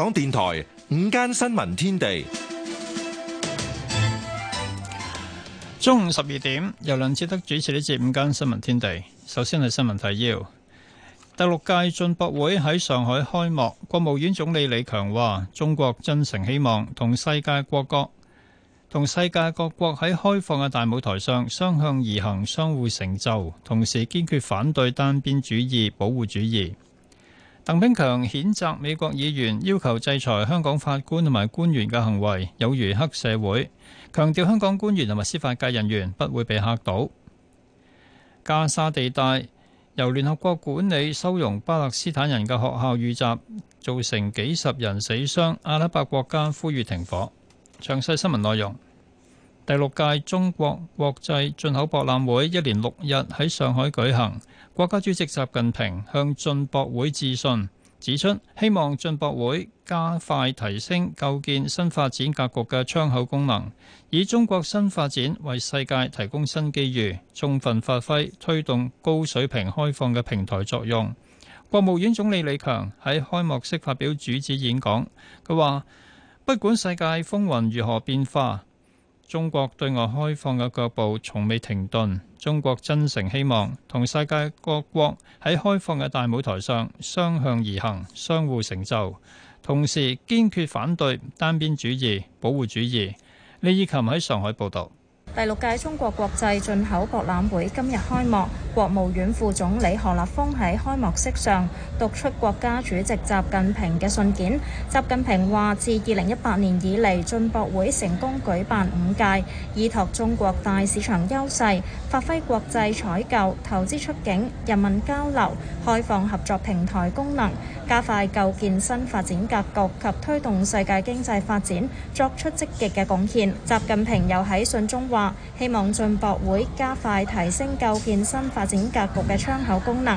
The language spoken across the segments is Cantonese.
港電台午間新聞天地，中午十二點由梁智德主持呢節午間新聞天地。首先係新聞提要，第六屆進博會喺上海開幕，國務院總理李強話：中國真誠希望同世界各國同世界各國喺開放嘅大舞台上相向而行，相互成就，同時堅決反對單邊主義、保護主義。鄧炳強譴責美國議員要求制裁香港法官同埋官員嘅行為有如黑社會，強調香港官員同埋司法界人員不會被嚇倒。加沙地帶由聯合國管理，收容巴勒斯坦人嘅學校遇襲，造成幾十人死傷，阿拉伯國家呼籲停火。詳細新聞內容。第六屆中國國際進口博覽會一連六日喺上海舉行。國家主席習近平向進博會致信，指出希望進博會加快提升、構建新發展格局嘅窗口功能，以中國新發展為世界提供新機遇，充分發揮推動高水平開放嘅平台作用。國務院總理李強喺開幕式發表主旨演講，佢話：不管世界風雲如何變化。中國對外開放嘅腳步從未停頓。中國真誠希望同世界各國喺開放嘅大舞台上相向而行，相互成就，同時堅決反對單邊主義、保護主義。李以琴喺上海報道。第六屆中國國際進口博覽會今日開幕，國務院副總理何立峰喺開幕式上讀出國家主席習近平嘅信件。習近平話：自二零一八年以嚟，進博會成功舉辦五屆，依託中國大市場優勢，發揮國際採購、投資出境、人民交流、開放合作平台功能，加快構建新發展格局及推動世界經濟發展作出積極嘅貢獻。習近平又喺信中話。希望進博會加快提升構建新發展格局嘅窗口功能。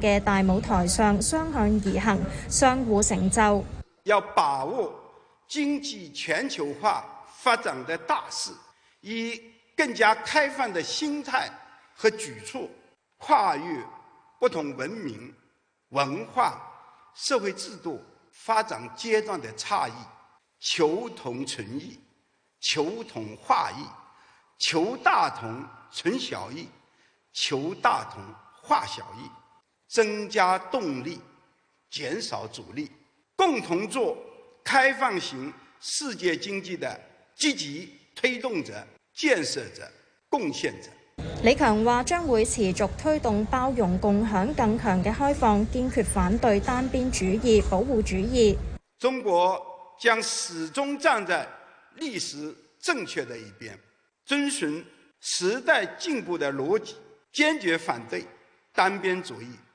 嘅大舞台上，雙向而行，相互成就。要把握經濟全球化發展的大勢，以更加開放的心態和舉措，跨越不同文明、文化、社會制度、發展階段的差異，求同存異，求同化異，求大同存小異，求大同化小異。增加動力，減少阻力，共同做開放型世界經濟的積極推動者、建設者、貢獻者。李強話：將會持續推動包容共享更強的開放，堅決反對單邊主義、保護主義。中國將始終站在歷史正確的一邊，遵循時代進步的邏輯，堅決反對單邊主義。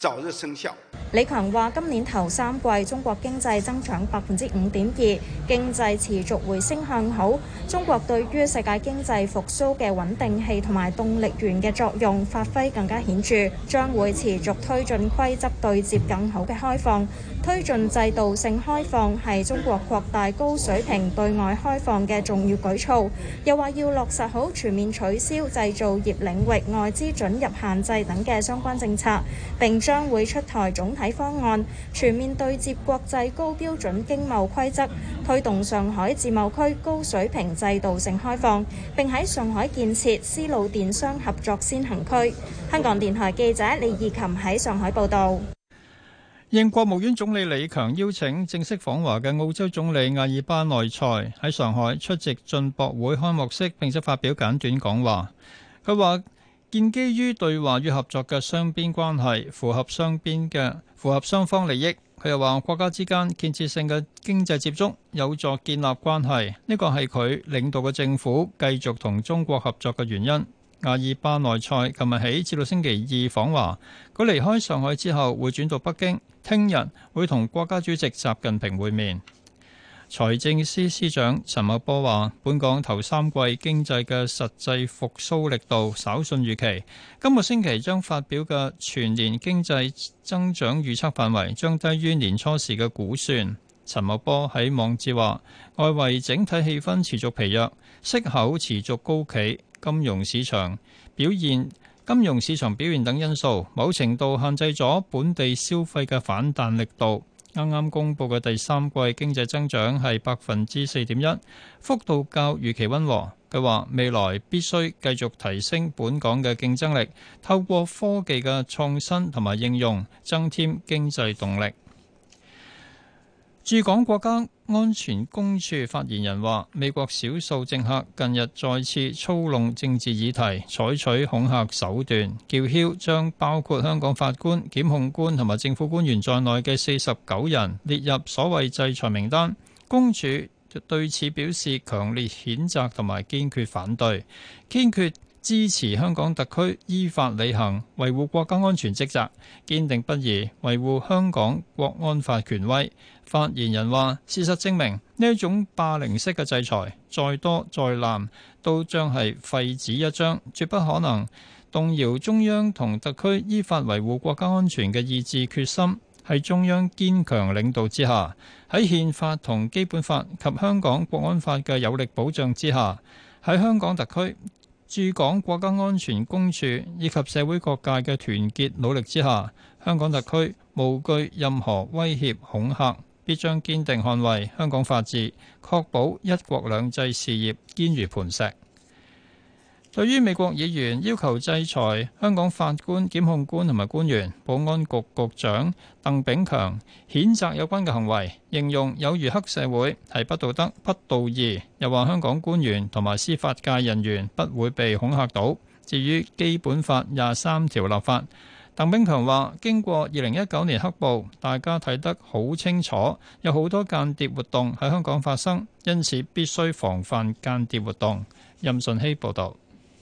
早日生效。李強話：今年頭三季中國經濟增長百分之五點二，經濟持續回升向好。中國對於世界經濟復蘇嘅穩定器同埋動力源嘅作用發揮更加顯著，將會持續推進規則對接更好嘅開放，推進制度性開放係中國擴大高水平對外開放嘅重要舉措。又話要落實好全面取消製造業領域外資準入限制等嘅相關政策，並。將會出台總體方案，全面對接國際高標準經貿規則，推動上海自貿區高水平制度性開放，並喺上海建設絲路電商合作先行區。香港電台記者李義琴喺上海報道。應國務院總理李強邀請，正式訪華嘅澳洲總理阿爾巴內塞喺上海出席進博會開幕式，並且發表簡短講話。佢話：建基於對話與合作嘅雙邊關係，符合雙邊嘅符合雙方利益。佢又話國家之間建設性嘅經濟接觸有助建立關係，呢個係佢領導嘅政府繼續同中國合作嘅原因。阿爾巴內塞琴日起至到星期二訪華，佢離開上海之後會轉到北京，聽日會同國家主席習近平會面。財政司司長陳茂波話，本港頭三季經濟嘅實際復蘇力度稍遜預期。今個星期將發表嘅全年經濟增長預測範圍將低於年初時嘅估算。陳茂波喺網誌話，外圍整體氣氛持續疲弱，息口持續高企，金融市場表現、金融市場表現等因素，某程度限制咗本地消費嘅反彈力度。啱啱公布嘅第三季經濟增長係百分之四點一，幅度較預期溫和。佢話未來必須繼續提升本港嘅競爭力，透過科技嘅創新同埋應用，增添經濟動力。駐港國家安全公署發言人話：美國少數政客近日再次操弄政治議題，採取恐嚇手段，叫囂將包括香港法官、檢控官同埋政府官員在內嘅四十九人列入所謂制裁名單。公署對此表示強烈譴責同埋堅決反對，堅決。支持香港特區依法履行維護國家安全職責，堅定不移維護香港國安法權威。發言人話：事實證明，呢一種霸凌式嘅制裁，再多再濫，都將係廢紙一張，絕不可能動搖中央同特區依法維護國家安全嘅意志決心。喺中央堅強領導之下，喺憲法同基本法及香港國安法嘅有力保障之下，喺香港特區，駐港國家安全公署以及社會各界嘅團結努力之下，香港特區無懼任何威脅恐嚇，必將堅定捍衞香港法治，確保一國兩制事業堅如磐石。對於美國議員要求制裁香港法官、檢控官同埋官員、保安局局長鄧炳強，譴責有關嘅行為，形容有如黑社會，係不道德、不道義。又話香港官員同埋司法界人員不會被恐嚇到。至於《基本法》廿三條立法，鄧炳強話：經過二零一九年黑暴，大家睇得好清楚，有好多間諜活動喺香港發生，因此必須防範間諜活動。任順希報導。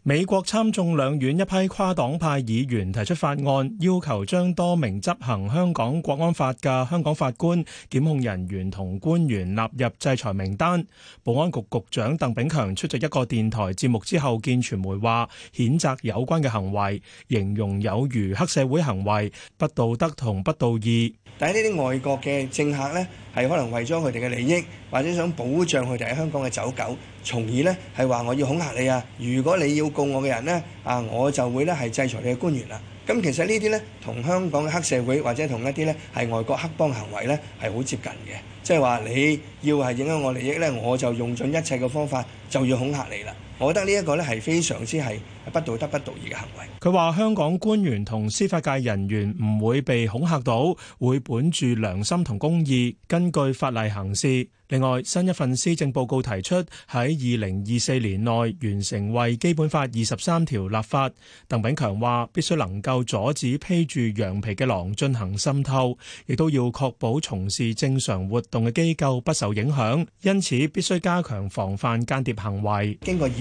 美國參眾兩院一批跨黨派議員提出法案，要求將多名執行香港國安法嘅香港法官、檢控人員同官員納入制裁名單。保安局局長鄧炳強出席一個電台節目之後見傳媒，話譴責有關嘅行為，形容有如黑社會行為，不道德同不道義。但呢啲外國嘅政客呢，係可能為咗佢哋嘅利益，或者想保障佢哋喺香港嘅走狗，從而呢，係話我要恐嚇你啊！如果你要告我嘅人呢，啊，我就會呢係制裁你嘅官員啦。咁其實呢啲呢，同香港嘅黑社會或者同一啲呢係外國黑幫行為呢，係好接近嘅，即係話你要係影響我利益呢，我就用盡一切嘅方法就要恐嚇你啦。我覺得呢一個呢係非常之係。不道德、不道義嘅行為。佢話：香港官員同司法界人員唔會被恐嚇到，會本住良心同公義，根據法例行事。另外，新一份施政報告提出喺2024年內完成為基本法二十三條立法。鄧炳強話：必須能夠阻止披住羊皮嘅狼進行滲透，亦都要確保從事正常活動嘅機構不受影響。因此，必須加強防範間諜行為。經過2019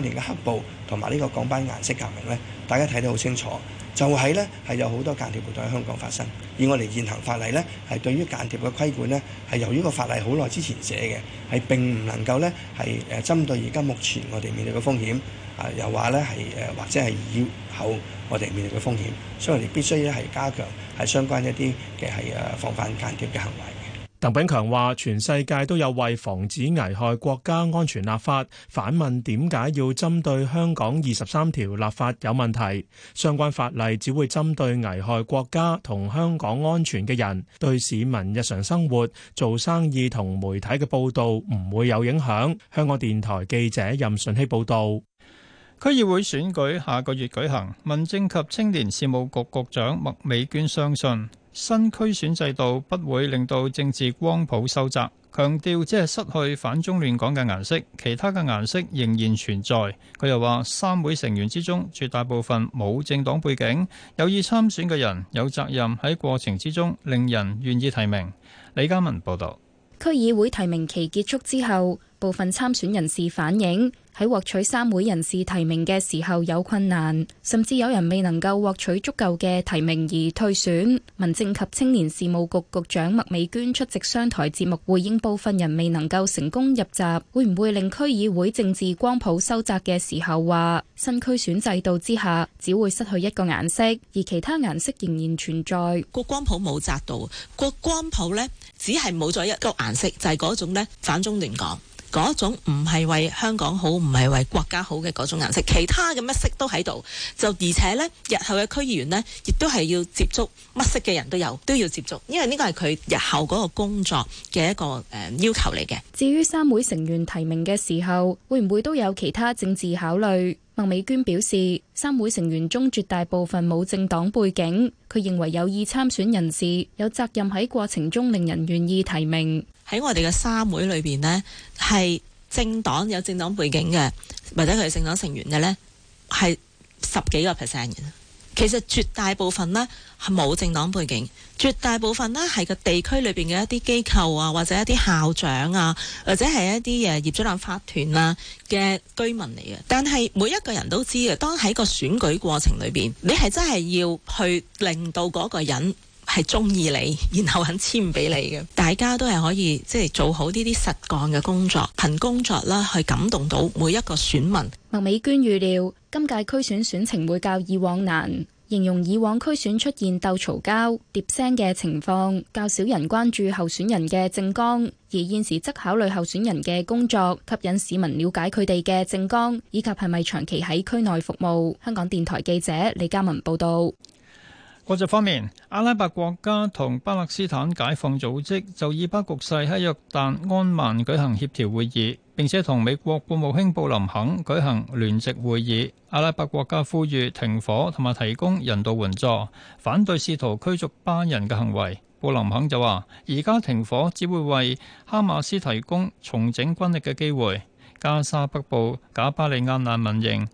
年嘅黑暴同埋呢個港，班顏色革命咧，大家睇得好清楚，就係咧係有好多間諜活動喺香港發生。以我哋現行法例咧，係對於間諜嘅規管咧，係由於個法例好耐之前寫嘅，係並唔能夠咧係誒針對而家目前我哋面對嘅風險啊，又話咧係誒或者係以後我哋面對嘅風險，所以我哋必須咧係加強係相關一啲嘅係誒防範間諜嘅行為。鄧炳強話：全世界都有為防止危害國家安全立法，反問點解要針對香港二十三條立法有問題？相關法例只會針對危害國家同香港安全嘅人，對市民日常生活、做生意同媒體嘅報道唔會有影響。香港電台記者任順希報道。區議會選舉下個月舉行，民政及青年事務局局局長麥美娟相信，新區選制度不會令到政治光譜收窄，強調只係失去反中亂港嘅顏色，其他嘅顏色仍然存在。佢又話，三會成員之中絕大部分冇政黨背景，有意參選嘅人有責任喺過程之中令人願意提名。李家文報導。區議會提名期結束之後，部分參選人士反映。喺獲取三會人士提名嘅時候有困難，甚至有人未能夠獲取足夠嘅提名而退選。民政及青年事務局局長麥美娟出席商台節目，回應部分人未能夠成功入閘，會唔會令區議會政治光譜收窄嘅時候，話新區選制度之下，只會失去一個顏色，而其他顏色仍然存在。個光譜冇窄到，嗰個光譜呢，只係冇咗一個顏色，就係、是、嗰種咧反中亂港。嗰種唔係為香港好，唔係為國家好嘅嗰種顏色，其他嘅乜色都喺度，就而且呢，日後嘅區議員呢，亦都係要接觸乜色嘅人都有，都要接觸，因為呢個係佢日後嗰個工作嘅一個誒、呃、要求嚟嘅。至於三會成員提名嘅時候，會唔會都有其他政治考慮？麥美娟表示，三會成員中絕大部分冇政黨背景，佢認為有意參選人士有責任喺過程中令人願意提名。喺我哋嘅社會裏邊咧，係政黨有政黨背景嘅，或者佢係政黨成員嘅咧，係十幾個 percent 嘅。其實絕大部分咧係冇政黨背景，絕大部分咧係個地區裏邊嘅一啲機構啊，或者一啲校長啊，或者係一啲誒業主立案法團啊嘅居民嚟嘅。但係每一個人都知嘅，當喺個選舉過程裏邊，你係真係要去令到嗰個人。係中意你，然後肯簽俾你嘅，大家都係可以即係做好呢啲實幹嘅工作，憑工作啦去感動到每一個選民。麥美娟預料今屆區選選情會較以往難，形容以往區選出現鬥嘈交、疊聲嘅情況較少人關注候選人嘅政綱，而現時則考慮候選人嘅工作，吸引市民了解佢哋嘅政綱，以及係咪長期喺區內服務。香港電台記者李嘉文報道。國際方面，阿拉伯國家同巴勒斯坦解放組織就以巴局勢喺約旦安曼舉行協調會議，並且同美國國務卿布林肯舉行聯席會議。阿拉伯國家呼籲停火同埋提供人道援助，反對試圖驅逐巴人嘅行為。布林肯就話：而家停火只會為哈馬斯提供重整軍力嘅機會。加沙北部賈巴利亞難民營，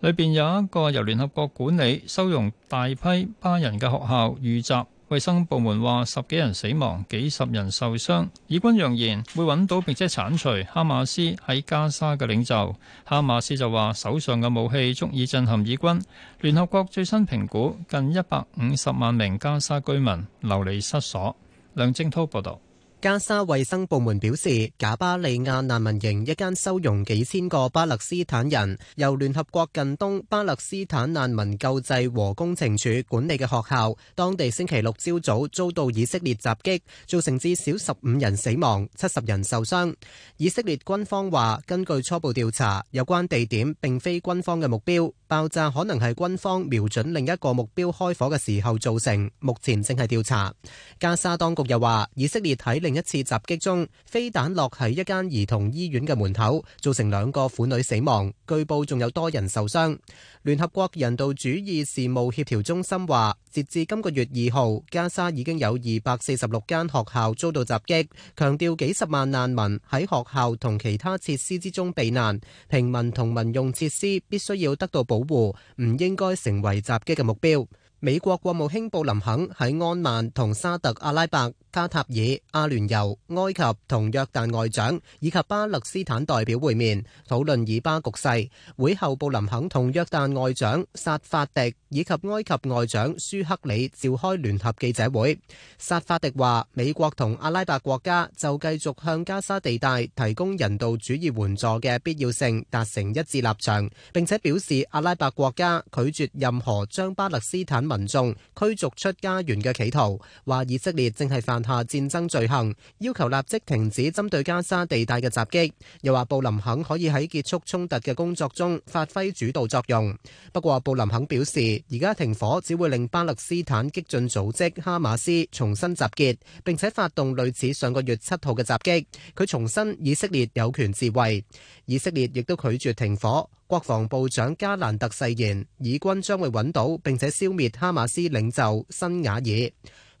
裏邊有一個由聯合國管理、收容大批巴人嘅學校遇襲。衛生部門話十幾人死亡、幾十人受傷。以軍揚言會揾到並且剷除哈馬斯喺加沙嘅領袖。哈馬斯就話手上嘅武器足以震撼以軍。聯合國最新評估近一百五十萬名加沙居民流離失所。梁正滔報道。加沙衛生部門表示，賈巴利亞難民營一間收容幾千個巴勒斯坦人、由聯合國近東巴勒斯坦難民救濟和工程處管理嘅學校，當地星期六朝早遭到以色列襲擊，造成至少十五人死亡、七十人受傷。以色列軍方話，根據初步調查，有關地點並非軍方嘅目標，爆炸可能係軍方瞄準另一個目標開火嘅時候造成，目前正係調查。加沙當局又話，以色列睇。另一次襲擊中，飛彈落喺一間兒童醫院嘅門口，造成兩個婦女死亡，據報仲有多人受傷。聯合國人道主義事務協調中心話，截至今個月二號，加沙已經有二百四十六間學校遭到襲擊，強調幾十萬難民喺學校同其他設施之中避難，平民同民用設施必須要得到保護，唔應該成為襲擊嘅目標。美國國務卿布林肯喺安曼同沙特阿拉伯。卡塔爾、阿聯酋、埃及同約旦外長以及巴勒斯坦代表會面，討論以巴局勢。會後，布林肯同約旦外長薩法迪以及埃及外長舒克里召開聯合記者會。薩法迪話：美國同阿拉伯國家就繼續向加沙地帶提供人道主義援助嘅必要性達成一致立場，並且表示阿拉伯國家拒絕任何將巴勒斯坦民眾驅逐出家園嘅企圖。話以色列正係犯。下戰爭罪行，要求立即停止針對加沙地帶嘅襲擊，又話布林肯可以喺結束衝突嘅工作中發揮主導作用。不過布林肯表示，而家停火只會令巴勒斯坦激進組織哈馬斯重新集結，並且發動類似上個月七號嘅襲擊。佢重申以色列有權自衛，以色列亦都拒絕停火。國防部長加蘭特誓言，以軍將會揾到並且消滅哈馬斯領袖辛瓦爾。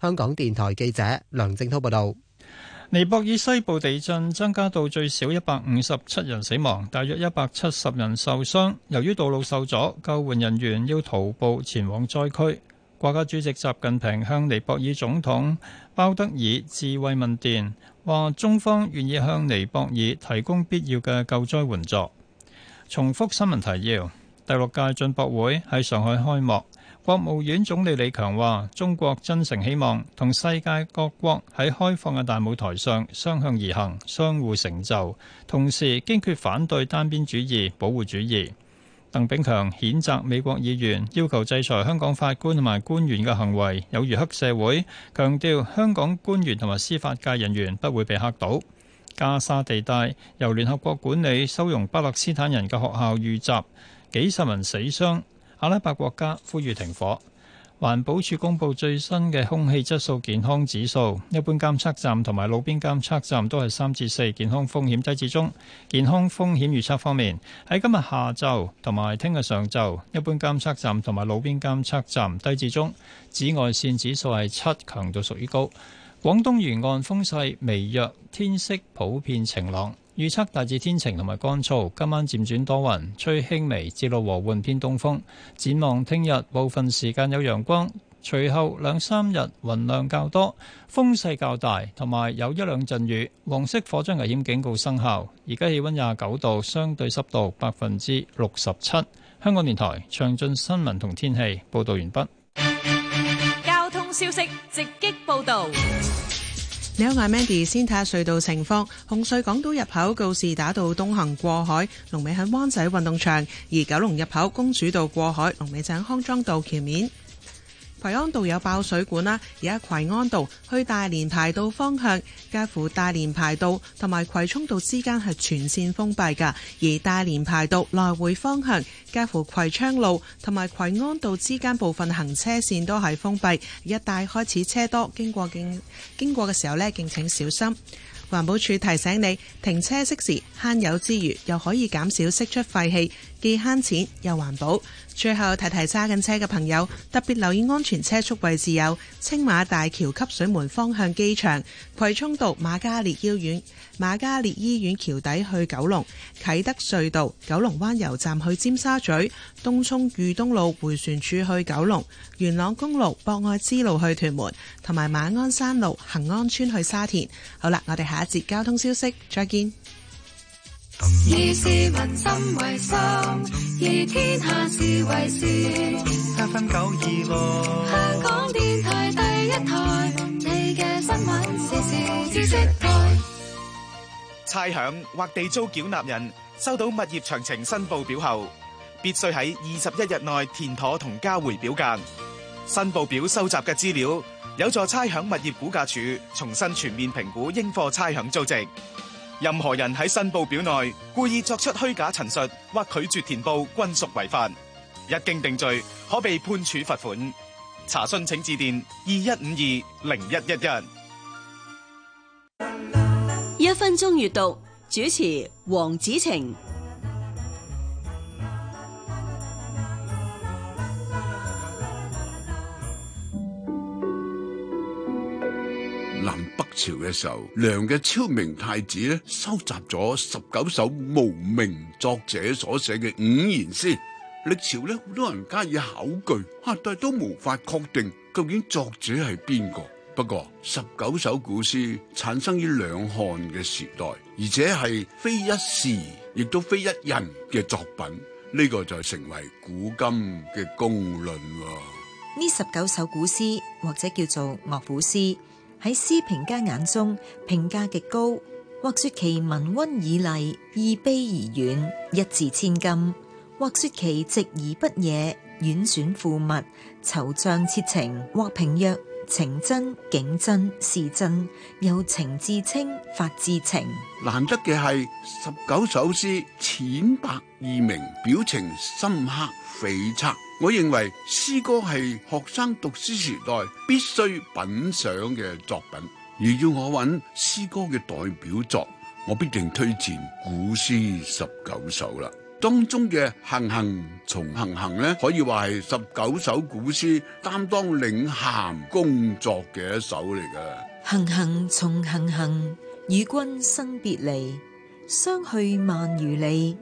香港電台記者梁正濤報道，尼泊爾西部地震增加到最少一百五十七人死亡，大約一百七十人受傷。由於道路受阻，救援人員要徒步前往災區。國家主席習近平向尼泊爾總統鮑德爾致慰問電，話中方願意向尼泊爾提供必要嘅救災援助。重複新聞提要：第六屆進博會喺上海開幕。國務院總理李強話：中國真誠希望同世界各國喺開放嘅大舞台上相向而行，相互成就。同時堅決反對單邊主義、保護主義。鄧炳強譴責美國議員要求制裁香港法官同埋官員嘅行為有如黑社會，強調香港官員同埋司法界人員不會被嚇倒。加沙地帶由聯合國管理，收容巴勒斯坦人嘅學校遇襲，幾十人死傷。阿拉伯國家呼籲停火。環保署公布最新嘅空氣質素健康指數，一般監測站同埋路邊監測站都係三至四，健康風險低至中。健康風險預測方面，喺今日下晝同埋聽日上晝，一般監測站同埋路邊監測站低至中，紫外線指數係七，強度屬於高。廣東沿岸風勢微弱，天色普遍晴朗。預測大致天晴同埋乾燥，今晚漸轉多雲，吹輕微至和緩偏東風。展望聽日部分時間有陽光，隨後兩三日雲量較多，風勢較大，同埋有一兩陣雨。黃色火災危險警告生效。而家氣溫廿九度，相對濕度百分之六十七。香港電台詳盡新聞同天氣報道完畢。交通消息直擊報道。你好呀，Mandy 先睇下隧道情況。紅隧港島入口告士打道東行過海，龍尾喺灣仔運動場；而九龍入口公主道過海，龍尾喺康莊道橋面。葵安道有爆水管啦，而喺葵安道去大連排道方向，介乎大連排道同埋葵涌道之間係全線封閉噶，而大連排道來回方向介乎葵昌路同埋葵安道之間部分行車線都係封閉，一帶開始車多，經過經經過嘅時候咧，敬請小心。環保署提醒你，停車熄匙，慳油之餘又可以減少釋出廢氣，既慳錢又環保。最後提提揸緊車嘅朋友，特別留意安全車速位置，有青馬大橋汲水門方向機場、葵涌道瑪嘉烈醫院、瑪嘉烈醫院橋底去九龍、啟德隧道九龍灣油站去尖沙咀、東涌裕東路迴旋處去九龍、元朗公路博愛支路去屯門，同埋馬鞍山路恆安村去沙田。好啦，我哋下。下節交通消息，再見。以市民心為心，以天下事為事。七分九二六，香港電台第一台，你嘅新聞時事知識台。差餉或地租繳納人收到物業詳情申報表後，必須喺二十一日內填妥同交回表格。申報表收集嘅資料。有助差餉物業估價署重新全面評估應課差餉租值，任何人喺申報表內故意作出虛假陳述或拒絕填報，均屬違法。一經定罪，可被判處罰款。查詢請致電二一五二零一一一。一分鐘閱讀，主持黃子晴。朝嘅時候，梁嘅昭明太子咧，收集咗十九首無名作者所寫嘅五言詩。歷朝咧，好多人加以考據，但係都無法確定究竟作者係邊個。不過，十九首古詩產生於兩漢嘅時代，而且係非一時，亦都非一人嘅作品。呢個就成為古今嘅公論啦。呢十九首古詩，或者叫做樂府詩。喺詩評家眼中，評價極高，或說其文溫以麗，意悲而遠，一字千金；或說其直而不野，婉轉附物，惆悵切情；或評曰，情真景真事真，又情至清，法至情。難得嘅係十九首詩淺白易明，表情深刻，悱惻。我認為詩歌係學生讀書時代必須品賞嘅作品。而要我揾詩歌嘅代表作，我必定推薦《古詩十九首》啦。當中嘅《行行重行行》咧，可以話係十九首古詩擔當領銜工作嘅一首嚟嘅。行行重行行，與君生別離，相去萬餘里。